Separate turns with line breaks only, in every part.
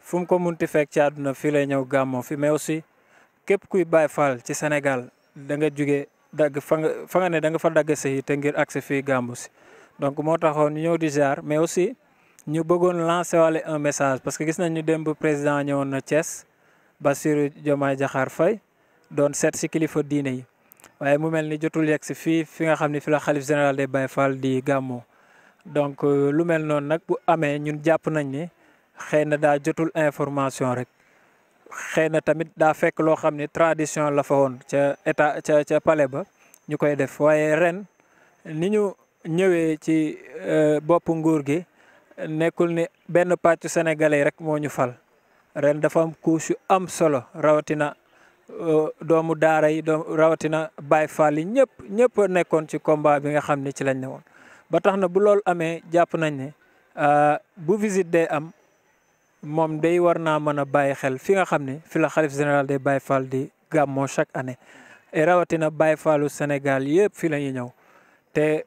fu mu ko munti fekk ci àdduna fii lay ñëw gàmmoo fi mais aussi képp kuy Baay Faal ci Sénégal da nga jugee dagg fa nga fa nga ne danga fa dagg si te ngir agsi fii gàmmu si donc moo taxoon ñu ñëw di ziar mais aussi ñu bëggoon lancer wale un message parce que gis nañ ñu démb président ñëwoon na Thiès Bassirou jomaa Diakhar fay doon seet si kilifa diine yi waaye mu mel ni jotul yegg si fii fi nga xam ne fi la xalif général des Baye di gàmmoo donc euh, lu mel noonu nag bu amee ñun jàpp nañ ni xëy na daa jotul information rek xëy na tamit daa fekk loo xam ne tradition la fa woon ca état ca ca palais ba ñu koy def waaye ren ni ñu ñëwee ci e, bopp nguur gi nekkul ni benn pàccu sénégalais rek moo ñu fal ren dafa am couche am solo rawatina e, doomu daara yi doomu rawatina Baay Faal yi ñëpp ñëpp nekkoon ci combat bi nga xam ni ci lañ ne woon ba tax na bu loolu amee jàpp nañ ne e, bu visite day am moom day war naa mën a bàyyi xel fi nga xam ne fi la xalif général des Baye Fall di gàmmoo chaque année et rawatina bàyyi Fallu Sénégal yëpp fi la ñuy ñëw te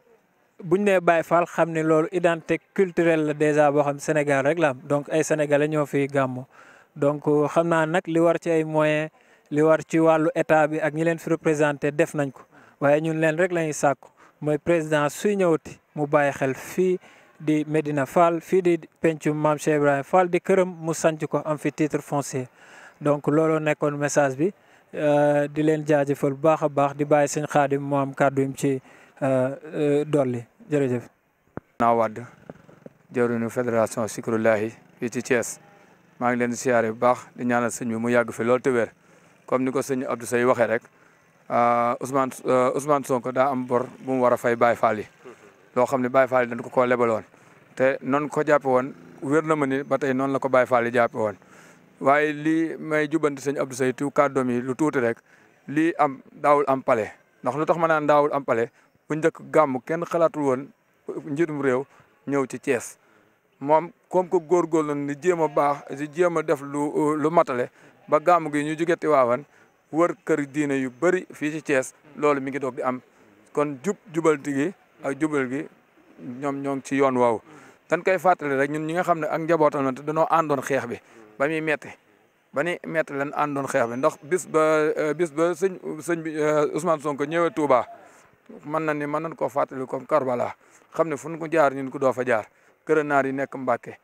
buñ nee bàyyi Fall xam ne loolu identité culturelle la dèjà boo xam Sénégal rek la donc ay sénégalais ñoo fiy gàmmoo donc xam naa nag li war ci ay moyens li war ci wàllu état bi ak ñi leen fi représenté def nañ ko waaye ñun leen rek la ñuy mooy président suy ñëwati mu bàyyi xel fii. di Medina Fall fii di pencum maam Cheikh Ibrahima Fall di këram mu sanc ko am fi titre foncier donc looloo nekkoon message bi euh, di leen jaajëfal bu baax a baax di bàyyi sëñ Xaadim mu am kàddu yim ci euh, euh, dolli jërëjëf.
naa wadd jëruñu fédération Sikrullahi fii ci Thiès maa ngi leen di siyaare bu baax di ñaanal sëñ bi mu yàgg fi lool te wér comme ni ko sëñ Abdou Seye waxee rek Ousmane Ousmane Sonko daa am bor bu mu war a fay Baye Fall loo xam ne Baye Fall yi ko koo lebaloon te noonu ko jàppe woon wér na ma ni ba tey noonu la ko Baye Fall yi jàppe waaye lii may jubanti sëñ Abdou Seye tu kàddoom yi lu tuuti rek lii am daawul am pale ndax lu tax ma naan daawul am pale bu njëkk gàmm kenn xalaatul woon njiitum réew ñëw ci Thiès moom comme que góorgóorlu ni jéem a baax di jéem a def lu lu matale ba gàmm gi ñu jugee Tiwaawan wër kër diine yu bëri fii ci Thiès loolu mi ngi doog di am kon jub jubal gi ak jubal gi ñoom ñoo ngi ci yoon waw dañ koy fàttali rek ñun ñi nga xam ne ak njabootam lan te dañoo àndoon xeex bi ba muy metti ba ni metti lan àndoon xeex bi ndox bis ba euh, bis ba sëñ sëñ bi euh, Ousmane Sonko ñëwee Touba mën na ni mën nañ koo fàttali comme Karbala xam ne fu ñu ko jaar ñun ko doo fa jaar kër naar yi nekk Mbacke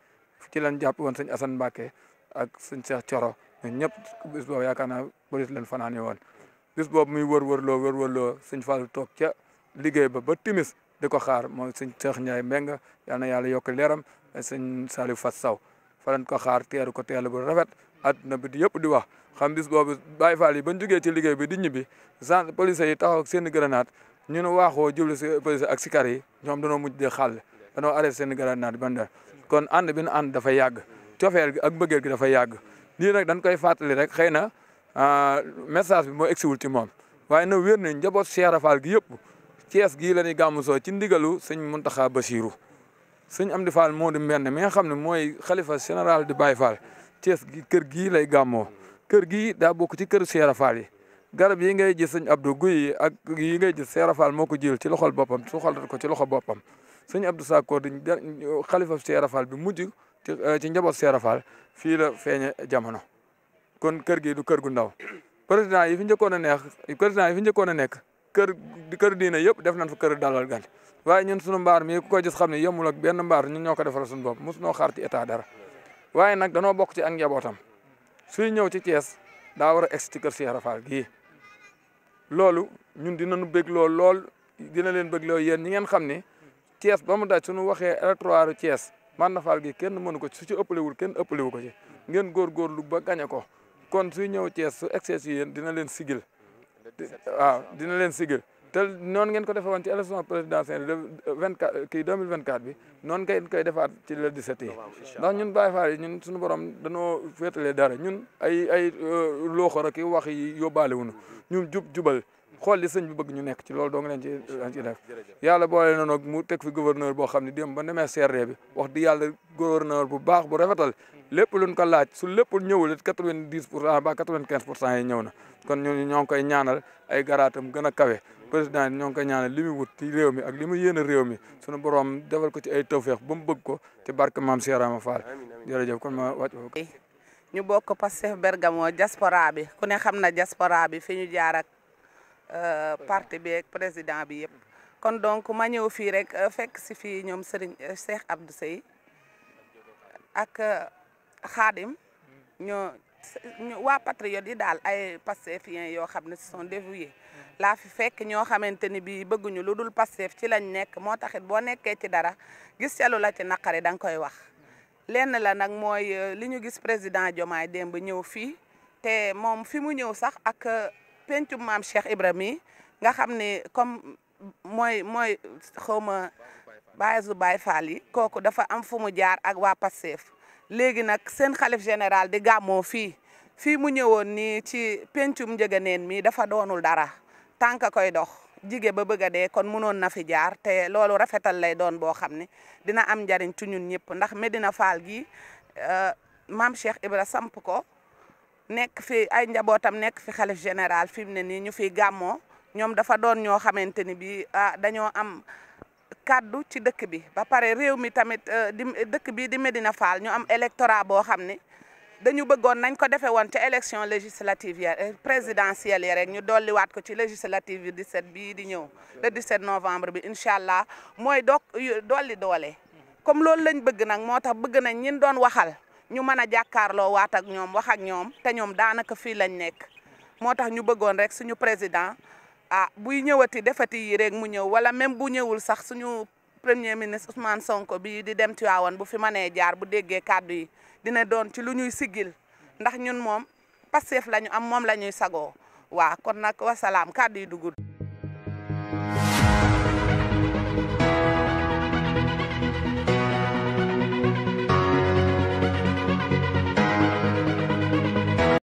ci lan jàpp woon sëñ Assane Mbacke ak sëñ Cheikh coro ñun ñëpp bis boobu yaakaar naa bëris leen fanaane woon bis boobu muy wër wër loo wër wër loo sëñ Fallou toog ca liggéey ba ba timis di ko xaar mooy sëñ Cheikh Ndiaye Mbengue yal na la yokk leeram sëñ Saliou Fass Sow fa lañ ko xaar teeru ko teelu bu rafet àdduna bi di yëpp di wax xam bis boobu Baye Fall yi ba jugee ci liggéey bi di ñibbi sans police yi taxaw ak seen grenade ñu ne waaxoo jublu si ak sikar yi ñoom dañoo mujj di xàll dañoo arrêté seen grenade ban kon ànd bi nu ànd dafa yàgg cofeel gi ak bëggeel gi dafa yàgg lii nag dañ koy fàttali rek xëy na ah, message bi moo egsiwul ci moom waaye na wér nañ njaboot Cheikh Fall gi Cees gii la ñuy soo ci ndigalu sëñ Muntaxa Basiru sëñ Amdi Fall moo di mbenn mi nga xam ne mooy xalifa général di Baye Fall Cees gi kër gii lay gàmmoo kër gii daa bokk ci kër Seera Fall yi garab yi ngay ji sëñ Abdou Guèye ak yi ngay gis Seera Fall moo ko jël ci loxol boppam suxal ko ci loxo boppam sëñ Abdou Sakkoor di xalifa Seera Fall bi mujj euh, ci njaboot Seera Fall fii la feeñe jamono kon kër gi du kër gu ndaw président yi fi njëkkoon a neex président yi fi a nekk kër kër diine yëpp def nañ fa kër dalal gan waaye ñun suñu mbaar mi ku ko gis xam ne yemul ak benn mbaar ñun ñoo ko defal suñu bopp mosu noo xaar ci état dara waaye nag danoo bokk ci ak njabootam suy ñëw ci Thiès daa war a egg ci kër si Rafal gii loolu ñun dinañu bëgg lool lool dina leen bëgg lool yéen ñi ngeen xam ne Thiès ba mu daj suñu waxee électoral Thiès man na faal gi kenn mënu ko ci su ci ëppalewul kenn ëppalewu ko ci ngeen góorgóorlu ba gañe ko kon ñëw Thiès su yéen dina leen sigil waaw dina leen sigil te noonu ngeen ko defee woon ci élection présidentielle de vingt quatre kii deux mille vingt quatre bi noonu ngeen koy defaat ci le 17 yi ndax ñun Baye Fall yi ñun suñu borom dañoo féetalee dara ñun ay ay euh, looxor ak wax yi yóbbaale wuñu ñun jubal xool li sëñ bi bëgg ñu nekk ci loolu doo leen ci leen yàlla boole na mu teg fi gouverneur boo xam ne dem ba demee CRD bi wax di yàlla gouverneur bu baax bu rafetal lépp ko laaj su lépp ñëwul kon ñooñu ñaanal ay garaatam gën a kawe président yi ñoo ñaanal li wut ci réew mi ak li mu réew mi sunu borom defal ko ci ay tawféex ba mu bëgg ko ci barke maam Seeraama Fall jërëjëf kon ma wàcc
ñu bokk Pastef Bergamo diaspora ku Euh, parti bi ak président bi yëpp kon donc ma ñëw fii rek euh, fekk si fii ñoom seriñ euh, Cheikh Abdou Seye ak xaadim hmm. ñoo waa patriote yi daal ay pastefiens yoo xam ne ce sont dévoués hmm. laa fi fekk ñoo xamante ni bii bëgguñu lu dul pastef ci lañ nekk moo taxit boo nekkee ci dara gis ca lu la ci naqari da nga koy wax hmm. lenn la nag mooy li ñu gis président Diomaye démb ñëw fii te moom fi mu ñëw sax ak pencum maam Cheikh ibra mii nga xam ne comme mooy mooy xaw ma baasu Baay Faal yi kooku dafa am fu mu jaar ak waa Pastef léegi nag seen xalif général di gàmmoo fii fii mu ñëwoon nii ci pencum njëganeen mii dafa doonul dara tànk koy dox jige ba bëgg a dee kon munoon na fi jaar te loolu rafetal lay doon boo xam ne dina am njariñ tu ñun ñëpp ndax Medina Fall gi euh, maam Cheikh Ibra samp ko nekk fi ay njabootam nekk fi xalif général fi mu ne nii ñu fi gàmmoo ñoom dafa doon ñoo xamante ni bii ah dañoo am kàddu ci dëkk bi ba pare réew mi tamit euh, di dëkk bii di Medina Fall ñu am électorat boo xam ne dañu bëggoon nañ ko defee woon ca élection législative ya euh, présidentielle ya rek ñu dolliwaat ko ci législative yu 17 bii di ñëw le 17 novembre bi incha allah mooy doog dolli doole comme loolu lañ bëgg nag moo tax bëgg nañ ñin doon waxal. ñu mën a jàkkaarloo waat ak ñoom wax ak ñoom te ñoom daanaka fii lañ nekk moo tax ñu bëggoon rek suñu président ah buy ñëwati defati yi rek mu ñëw wala même bu ñëwul sax suñu premier ministre Ousmane Sonko bi di dem ci Tivaouane bu fi mënee jaar bu déggee kàddu yi dina doon ci lu ñuy sigil ndax ñun moom Pastef la ñu am moom la ñuy sagoo waa kon nag wasalaam kàddu yi dugul